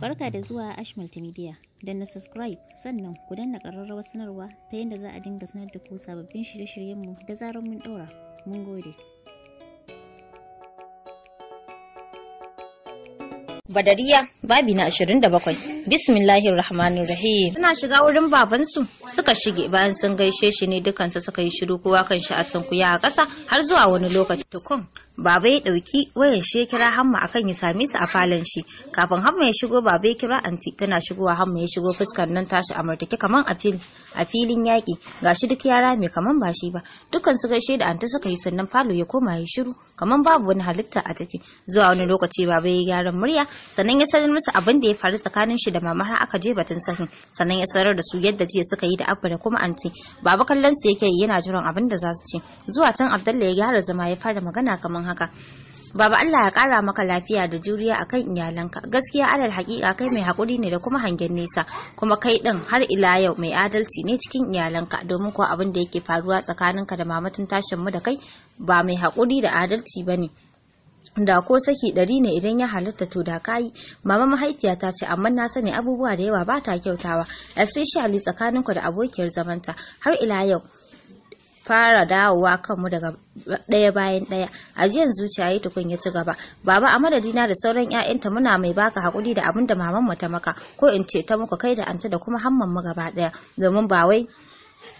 Barka da zuwa Ash Multimedia. Don na subscribe sannan ku danna ƙararrawar sanarwa ta yadda za a dinga sanar da ku sababbin shirye-shiryenmu da zarar mun ɗora. Mun gode. Badariya babi na 27 Bismillahir Rahmanir Rahim. Suna shiga wurin babansu suka shige bayan sun gaishe shi ne dukansu suka yi shiru kowa kan shi a sunkuya a ƙasa har zuwa wani lokaci tukun. Baba ya ɗauki wayan shi kira Hamma akan ya same su a falon shi. Kafin Hamma ya shigo Baba ya kira anti tana shigowa Hamma ya shigo fuskar nan tashi a martake kaman a fil a filin yaƙi gashi duk yara mai kaman ba shi ba dukkan su gaishe da anti suka yi sannan falo ya koma ya shiru kaman babu wani halitta a ciki zuwa wani lokaci Baba ya gyaran murya sannan ya sanar musu abin da ya faru tsakanin shi shi da mama har aka je batun sahin sannan ya sanar da su yadda jiya suka yi da abba da kuma anti baba kallon su yake yana jiran abin da za su ce zuwa can abdalla ya gyara zama ya fara magana kamar haka Baba Allah ya kara maka lafiya da juriya akan iyalanka. Gaskiya alal hakika kai mai hakuri ne da kuma hangen nesa, kuma kai din har ila yau mai adalci ne cikin iyalanka domin kuwa abin da yake faruwa tsakaninka da mamatin tashin mu da kai ba mai hakuri da adalci bane. da ko saki ɗari ne idan ya halatta to da kayi mama mahaifiya ta ce amma na sani abubuwa da yawa ba ta kyautawa especially tsakaninku da abokiyar zamanta har ila yau fara dawowa kanmu daga ɗaya bayan ɗaya ajiyan zuciya yi tukun ya ci gaba baba a madadina da sauran ƴaƴanta muna mai baka hakuri da abin da mamanmu ta maka ko in ce ta muku kai da anta da kuma hamman mu gaba ɗaya domin ba wai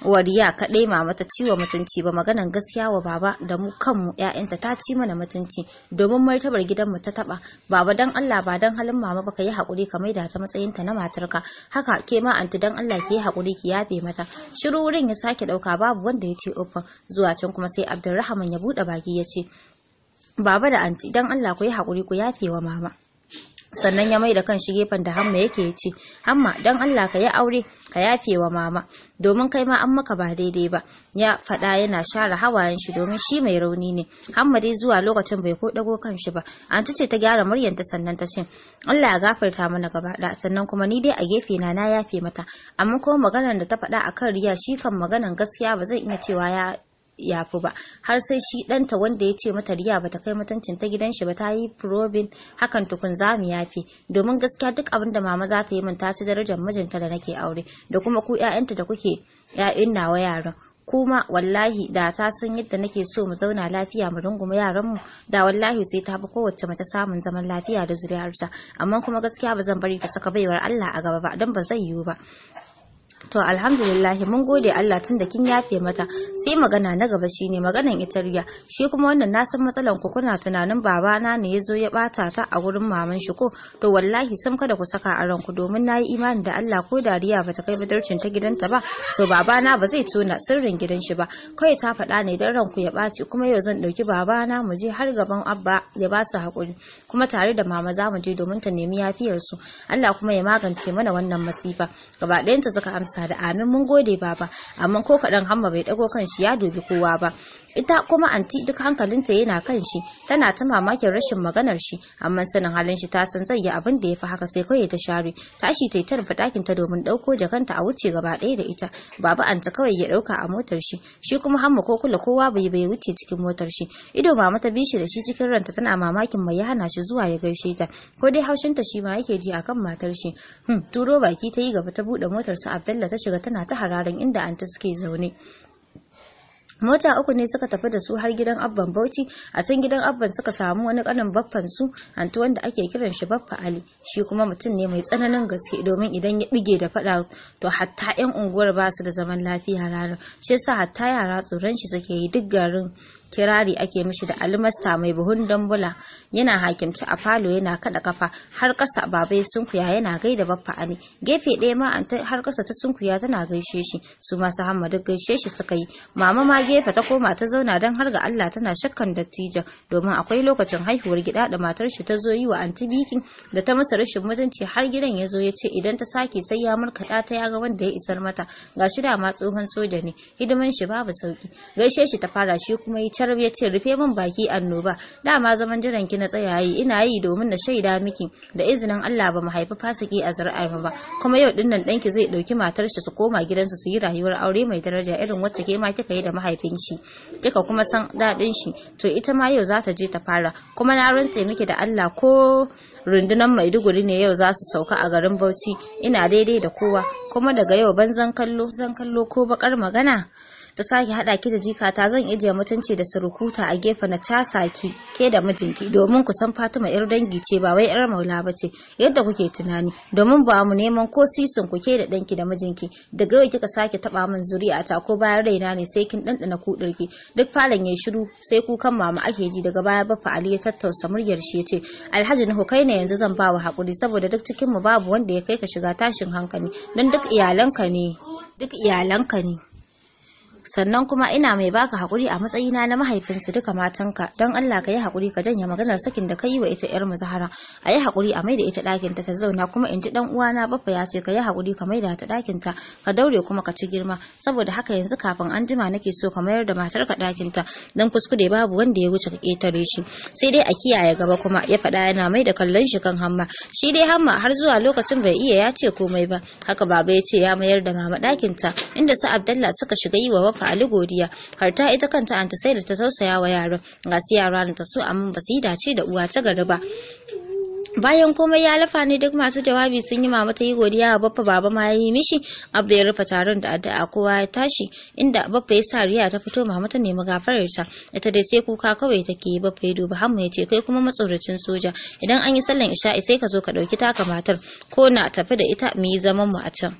wariya kaɗai mama ta ciwa mutunci ba maganan gaskiya wa baba da mu kanmu ƴaƴanta ta ci mana mutunci domin martabar gidanmu ta taɓa baba dan Allah ba dan halin mama baka yi hakuri ka maida ta matsayinta na matarka haka ke ma anti dan Allah ki yi hakuri ki yafe mata shiru wurin ya sake ɗauka babu wanda ya ce uffan zuwa can kuma sai Abdulrahman ya buɗe baki ya ce baba da anti dan Allah ku yi hakuri ku yafe wa mama sannan ya mai da kan shi gefen da hamma yake ya ce hamma don allah ka yi aure ka yafe wa mama domin kai ma an maka ba daidai ba ya faɗa yana share hawayen shi domin shi mai rauni ne hamma dai zuwa lokacin bai ko dago kan shi ba an ce ta gyara muryar ta sannan ta ce allah ya gafarta mana gaba da sannan kuma ni dai a gefe na na yafe mata amma kuma maganar da ta faɗa akan riya shi kan maganar gaskiya ba zai iya cewa ya yafu ba har sai shi ɗanta wanda ya ce mata riya bata kai mutuncin ta gidan shi ba ta yi probin hakan tukun za mu yafi domin gaskiya duk abin da mama za ta yi min ta ci darajar mijinta da nake aure da kuma ku ƴaƴanta da kuke ƴaƴan nawa yaran kuma wallahi da ta san yadda nake so mu zauna lafiya mu runguma mu da wallahi sai ta fi kowace mace samun zaman lafiya da zuriyarta amma kuma gaskiya ba zan bari ta saka baiwar Allah a gaba ba don ba zai yiwu ba To alhamdulillah mun gode Allah tun da kin yafe mata. Sai magana na gaba shine maganan ita riya. Shi kuma wannan na san matsalan ku kuna tunanin babana ne yazo ya bata ta a gurin maman shi ko to wallahi sam kada ku saka a ranku domin nayi imani da Allah ko dariya bata kai badarcin ta gidanta ba to babana ba zai tona sirrin gidan shi ba. Kai ta faɗa ne dan ranku ya ɓaci kuma yau zan dauki babana mu je har gaban abba ya ba su hakuri kuma tare da mama za mu je domin ta nemi yafiyar su. Allah kuma ya magance mana wannan masifa. Gaba ɗayanta suka amsa sa da amin mun gode baba amma ko kaɗan hamma bai ɗago kan shi ya dubi kowa ba ita kuma anti duk hankalinta yana kan shi tana ta mamakin rashin maganar shi amma sanin halin shi ta san zai yi abin da ya fi haka sai kawai ta share tashi ta yi ta rufe ɗakin ta domin ɗauko jakanta a wuce gaba ɗaya da ita baba anta kawai ya ɗauka a motar shi shi kuma hamma ko kula kowa bai bai wuce cikin motar shi ido mama ta bi shi da shi cikin ranta tana mamakin mai ya hana shi zuwa ya gaishe ta ko dai haushinta shi ma yake ji akan matar shi hmm turo baki ta yi gaba ta buɗe motar sa Bello ta shiga tana ta hararin inda anti suke zaune. mota uku ne suka tafi da su har gidan abban bauchi a can gidan abban suka samu wani kanin baffan su anti wanda ake kiran shi baffa ali shi kuma mutum ne mai tsananin gaske domin idan ya bige da fada to hatta yan unguwar ba su da zaman lafiya ranar shi yasa hatta yara tsoron shi suke yi duk garin kirari ake mishi da almasta mai buhun dambula yana hakimci a falo yana kada kafa har kasa babai sunkuya yana gaida baffa ani gefe ɗaya ma har kasa ta sunkuya tana gaishe shi su ma su gaishe shi suka yi mama ma gefe ta koma ta zauna don har ga Allah tana shakkan dattijan domin akwai lokacin haihuwar gida da matar shi ta zo yi wa anti bikin da ta masa rashin mutunci har gidan ya zo ya ce idan ta sake sai ya murkaɗa ta ya ga wanda ya isar mata gashi dama tsohon soja ne hidiman shi babu sauki gaishe shi ta fara shi kuma ya carab ya ce rufe min baki annoba dama zaman jiran ki na tsaya yi ina yi domin na shaida miki da izinin Allah ba mu haifi fasiki a zuri'ar ba kuma yau din nan danki zai dauki matar shi su koma gidansu su yi rayuwar aure mai daraja irin wacce ke ma kika yi da mahaifin shi kika kuma san dadin shi to ita ma yau za ta je ta fara kuma na rantse miki da Allah ko rundunar maiduguri ne yau za su sauka a garin bauchi ina daidai da kowa kuma daga yau ban zan kallo zan kallo ko bakar magana ta sake haɗa ki da jikata zan ije mutunci da surukuta a gefe na casa ki ke da mijinki domin ku san Fatima yar dangi ce ba wai yar maula ba ce yadda kuke tunani domin ba mu neman ko sisin ku ke da danki da mijinki daga yau kika sake taba min ta ko bayan raina ne sai kin dandana kudirki duk falon yayi shiru sai kukan mama ake ji daga baya ba fa'ali ya tattausa muryar shi yace Alhaji na kai ne yanzu zan bawa hakuri saboda duk cikin mu babu wanda ya kai ka shiga tashin hankali don duk iyalanka ne duk iyalanka ne sannan kuma ina mai baka hakuri a matsayina na mahaifinsu duka matanka don Allah ka yi hakuri ka janye maganar sakin da ka yi wa ita yar mu Zahara a yi hakuri a maida ita ɗakin ta ta zauna kuma in ji dan uwana baffa ya ce ka yi hakuri ka maida ta ɗakin ta ka daure kuma ka ci girma saboda haka yanzu kafin an jima nake so ka mayar da matar ka ɗakin ta dan kuskure babu wanda ya wuce ka ketare shi sai dai a kiyaye gaba kuma ya faɗa yana mai da kallon shi kan hamma shi dai hamma har zuwa lokacin bai iya ya ce komai ba haka baba ya ce ya mayar da mama ɗakin ta inda su Abdallah suka shiga yi wa baffa Ali godiya har ta ita kanta anta sai da ta tausaya wa yaran ga su yara ta so amma ba su yi dace da uwa ta gari ba bayan komai ya lafa ne duk masu jawabi sun yi mama ta yi godiya wa baffa baba ma ya yi mishi abba ya rufe taron da addu'a kowa ya tashi inda baffa ya sa riya ta fito mama ta nemi gafarar ta ita dai sai kuka kawai take yi baffa ya duba hamma ya ce kai kuma matsoracin soja idan an yi sallan isha'i sai ka zo ka ɗauki taka matar ko na tafi da ita mu yi zaman mu a can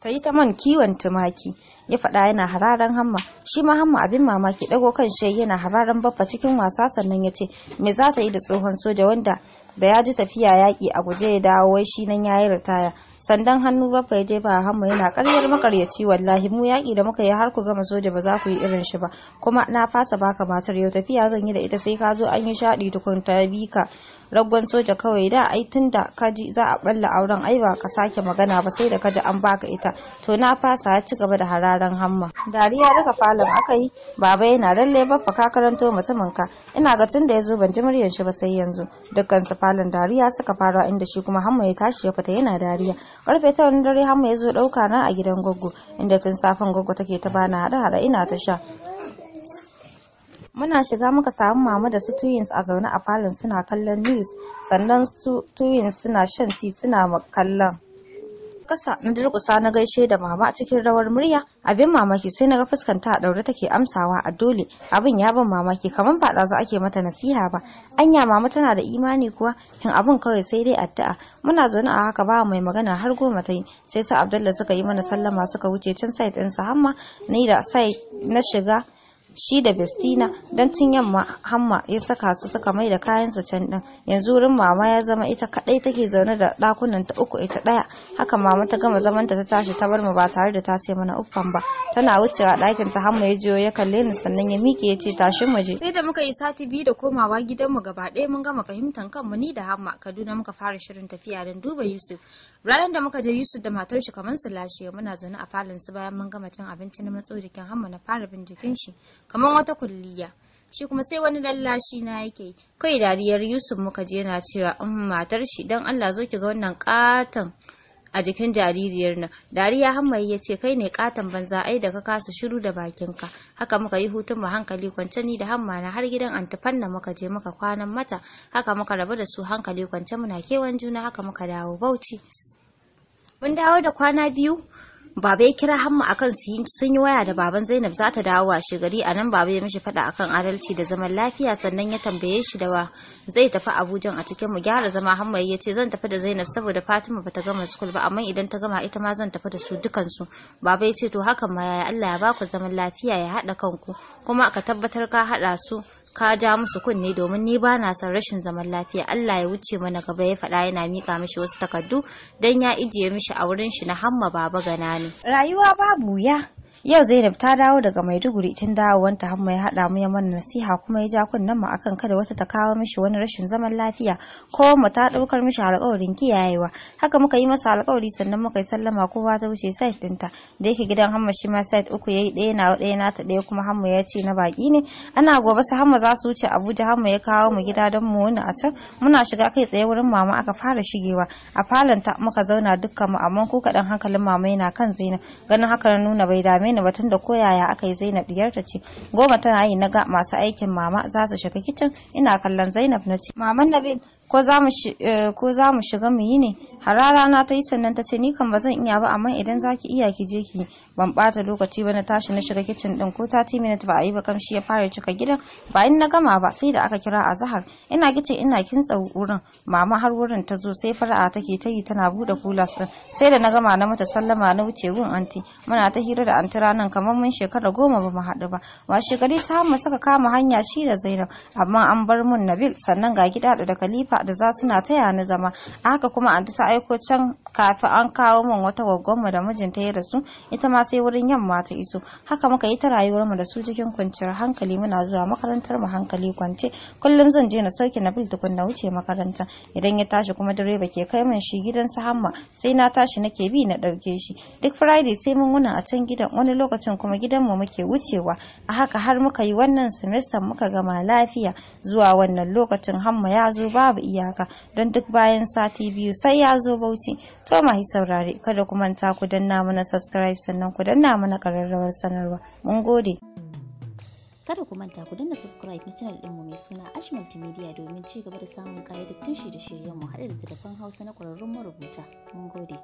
ta yi ta man kiwon tumaki ya faɗa yana hararen hamma shi ma hamma abin mamaki ɗago kan shi yana hararen baffa cikin wasa sannan ya ce me za ta yi da tsohon soja wanda da ya ji tafiya yaƙi a guje ya dawo wai shi nan ya yi ritaya sandan hannu baffa ya jefa a hamma yana karyar makaryaci wallahi mu yaƙi da muka yi har ku gama soja ba za ku yi irin shi ba kuma na fasa baka matar yau tafiya zan yi da ita sai ka zo an yi shaɗi tukun ta ka. raggon soja kawai da ai tun da ji za a balla auren ai ba ka sake magana ba sai da ka ji an baka ita to na fasa ya ci gaba da hararan hamma dariya daga falon aka yi baba yana lalle baffa ka karanto mutumin ka ina ga tun da ya zo ban ji muryar shi ba sai yanzu dukkan su falon dariya suka fara inda shi kuma hamma ya tashi ya fita yana dariya karfe ta wani dare hamma ya zo dauka na a gidan goggo inda tun safin goggo take ta bana hada hada ina ta sha muna shiga muka samu mama da su twins a zaune a falon suna kallon news sannan su twins suna shan tea suna kallon kasa na durkusa na gaishe da mama cikin rawar murya abin mamaki sai na ga fuskanta a daure take amsawa a dole abin ya ban mamaki kamar ba ɗazu ake mata nasiha ba anya mama tana da imani kuwa in abin kawai sai dai addu'a muna zaune a haka ba mai magana har goma ta yi sai sa abdullahi suka yi mana sallama suka wuce can site su hamma ni da sai na shiga shi da Bestina don cin yamma hamma ya saka su suka mai da kayansa can din yanzu wurin mama ya zama ita kadai take zaune da dakunan uku ita daya haka mama ta gama zamanta ta tashi ta bar mu ba tare da ta ce mana uffan ba tana wucewa ɗakin ta hamma ya jiyo ya kalle ni sannan ya miƙe ya ce tashi mu je sai da muka yi sati biyu da komawa gidan gidanmu gaba ɗaya mun gama fahimtar kanmu ni da hamma kaduna muka fara shirin tafiya don duba yusuf ranar da muka je yusuf da matar shi kamar su lashe muna zaune a falon su bayan mun gama cin abinci na matso jikin hamma na fara bin shi kamar wata kulliya shi kuma sai wani lallashi na yake kai dariyar yusuf muka je yana cewa in umm, matar shi don allah zo ki ga wannan katon a jikin jaririyar nan dariya hammayi ya ce kai ne katon banza ai da ka kasa shiru da ka, haka muka yi hutun mu hankali kwance ni da hamma na har gidan antifanna muka je muka kwanan mata haka muka rabu da su hankali kwance muna kewan juna haka muka dawo bauchi mun dawo da kwana biyu Baba ya kira Hamma akan sun yi waya da baban Zainab za ta dawo washe gari a nan baba ya mishi faɗa akan adalci da zaman lafiya sannan ya tambaye shi da wa zai tafi Abuja a cikin mu gyara zama Hamma ya ce zan tafi da Zainab saboda Fatima ba ta gama school ba amma idan ta gama ita ma zan tafi da su dukan su. Baba ya ce to hakan ma yaya Allah ya baku zaman lafiya ya haɗa kanku kuma ka tabbatar ka haɗa su ka ja musu kunne domin ni ba na son rashin zaman lafiya Allah ya wuce mana gaba ya faɗa yana mika mishi wasu takardu dan ya ijiye mishi a wurin shi na hamma baba ganani rayuwa babu ya Yau Zainab ta dawo daga Maiduguri tun dawowanta Hamma ya haɗa mu ya mana nasiha kuma ya ja kunnen mu akan kada wata ta kawo mishi wani rashin zaman lafiya ko mu ta ɗaukar mishi alƙawarin kiyayewa. Haka muka yi masa alƙawari sannan muka yi sallama kowa ta wuce site ɗinta da yake gidan Hamma shi ma site uku yayi ɗaya na ɗaya na ta ɗaya kuma Hamma ya ce na baki ne. Ana gobe su Hamma za su wuce Abuja Hamma ya kawo mu gida don mu wani a can muna shiga kai tsaye wurin mama aka fara shigewa a falonta muka zauna dukkan mu amma ko kaɗan hankalin mama yana kan Zainab ganin haka na nuna bai dame Aminu ba tunda ko yaya aka yi Zainab diyarta ce goma tana yi naga masu aikin mama za su shiga kicin ina kallon Zainab na ce maman Nabil ko za mu eh, shiga mu yi ne harara na ta yi sannan ta ce ni kan ba zan iya ba amma idan zaki iya ki je ki ban bata lokaci ba na tashi na shiga kicin din ko 30 minutes ba a yi ba kamshi ya fara cika gidan bayan na gama ba sai da aka kira a zahar ina kicin ina kintsa wurin mama har wurin ta zo sai fara'a take ta yi tana bude kulas din sai da na gama na mata sallama na wuce gun anti muna ta hira da anti ranan kamar mun shekara goma ba mu haɗu ba washe gari samu suka kama hanya shi da zainab amma an bar mun nabil sannan ga gida da khalifa da za suna taya ni zama haka kuma anti ta aiko can kafin an kawo mun wata mu da mijinta ya rasu ita ma sai wurin yamma ta iso haka muka yi ta rayuwar mu da su cikin kwanciyar hankali muna zuwa makarantar mu hankali kwance kullum zan je na sauke na bil kun na wuce makaranta idan ya tashi kuma direba ke kai mun shi gidan su hamma sai na tashi nake bi na dauke shi duk friday sai mun wuna a can gidan wani lokacin kuma gidan mu muke wucewa a haka har muka yi wannan semester muka gama lafiya zuwa wannan lokacin hamma ya zo babu iyaka don duk bayan sati biyu sai ya zo bauchi to mai saurare kada ku manta ku danna mana subscribe sannan ku danna mana ƙararrawar sanarwa mun gode kada ku manta ku danna subscribe na channel ɗinmu mai suna ash multimedia domin ci gaba da samun kayan da shirye-shiryenmu haɗa da telefon hausa na ƙwararrun marubuta mun gode